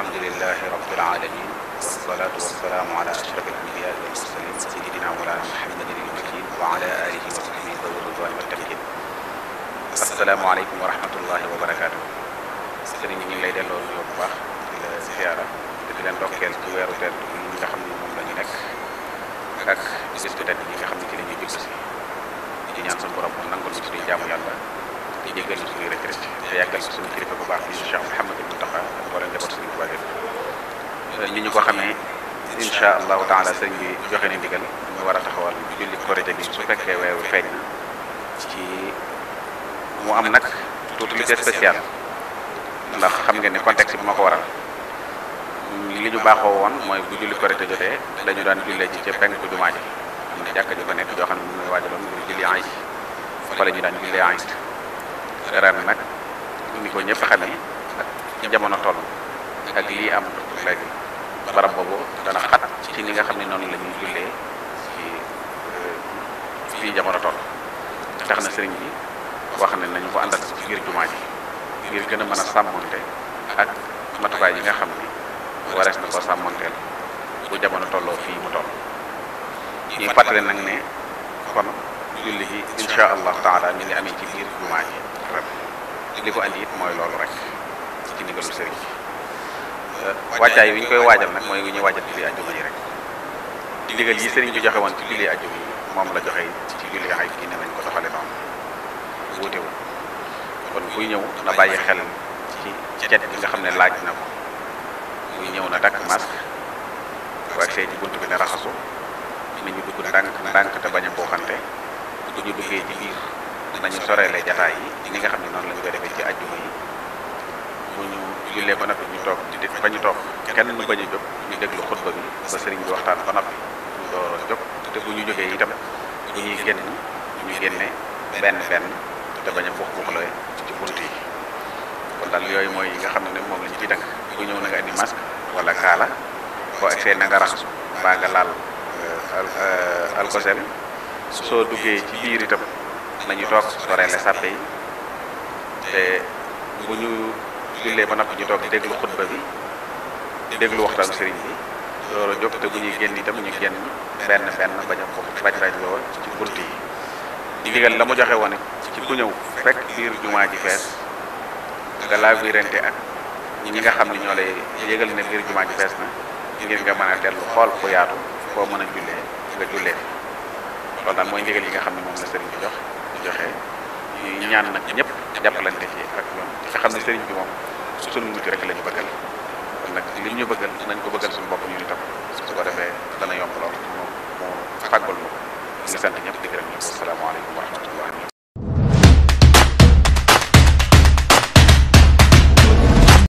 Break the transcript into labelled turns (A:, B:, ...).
A: alhamdulilahi rabbil alamin wasalaatu wasalaamu ala ashraf alanbiyaa wal mursalin sayidina mawlana muhammadin almakin wa ala alihi wa sahbihi wa ridwani wa tamkin assalaamu aleykum wa rahmatullahi wa barakaatu sëriñ ñu ngi lay delloo nuyoo bu baax di la ziyaara te di leen dokkeel ci weeru tedd yi nga xam ne moom la ñu nekk ak bis bu tedd yi nga xam ne ci la ñuy jub si di ñaan suñu borom mu nangul ñu suñuy jaamu yàlla di jéggal ñu suñuy rëcc rëcc te yàggal suñu kilifa bu baax bi Cheikh Mouhamadou Mountakha ak mboolem njaboot suñu Touba ñu ñu ko xamee incha allahu taala sëñ bi joxe ni ndigal ñu war a taxawal julli korite bi su fekkee weeru feeñ ci mu am nag tuuti lu spécial ndax xam nga ne contexte bi ma ko waral li ñu baaxoo woon mooy bu julli korite jotee lañu daan jullee ji ca penku jumaa ji am na jàkka ji ko nekk joo xam ne mu ngi waajaloon julli ay fa la ñu daan jullee ay ren nag ni ko ñëpp xamee ak jamono toll ak lii am léegi barab boobu dana xat ci ni nga xam ne noonu la ñuy jullee ci euh, fii jamono toll tax na sëriñ bi wax ne nañu ko àndal ngir jumaa ji ngir gën a sàmmonte ak matukaay yi nga xam ni warees na ko sàmmonteel bu jamono tolloo fii mu toll ñuy fàttale nag ne kon julli yi insha allahu taala mi ngi amee ci biir jumaa ji rek li ko andi mooy loolu rek wàccaay wi ñu koy waajal nag mooy wi ñuy waajal julli ajjuma yi rek ndigal yi sëriñ bi joxe woon ci julli ajjuma yi moom la joxe ci julli xay yi ne nañ ko doxale noonu wuutewul kon kuy ñëw na bàyyi xel ci cet bi nga xam ne laaj na ko kuy ñëw na dakk masque bu agsee ci bunt bi ne raxasu nañu dugg ndànk ndànk te bañ a booxante bu ñu duggee ci biir nañu soreele jataay yi ni nga xam ne noonu la ñu koy defee ci ajjuma yi bu ñu jullee ba noppi ñu toog di def toog kenn ñu bañ a jóg ñu déglu xutba bi ba sëriñ bi waxtaan ba noppi ñu door jóg te bu ñu jógee itam bu ñuy génn ñu génne benn benn te bañ a buux buuxlooy ci bunt kon daal yooyu mooy yi nga xam ne moom lañu ñu ciy dënk bu ñëw na nga indi masque wala kaala boo agsee na nga baa nga laal euh, alkosel euh, soo duggee ci biir itam nañu toog soreele sàppe te bu ñu jullee ba noppi ñu toog déglu xutba bi déglu waxtaan sëriñ bi loolu jóg te bu ñuy génn itam ñu génn ko baj baj loo ci bunt yi ndigal la mu joxe woon ci ku ñëw fekk biir jumaa ji fees nga laa birante ak ñi nga xam ne ñoo lay yëgal ne biir jumaa ji fees na ngir nga mën a dellu xool fu yaatu foo mën a jullee nga jullee loolu daal mooy ndigal yi nga xam ne moom la sëriñ bi jox joxe ñaan nag ñëpp jàppalante ci ak ñoom te xam ne sëriñ bi moom sunu mujj rek la ñu bëggal kon nag li ñu bëggal nañ ko bëggal sunu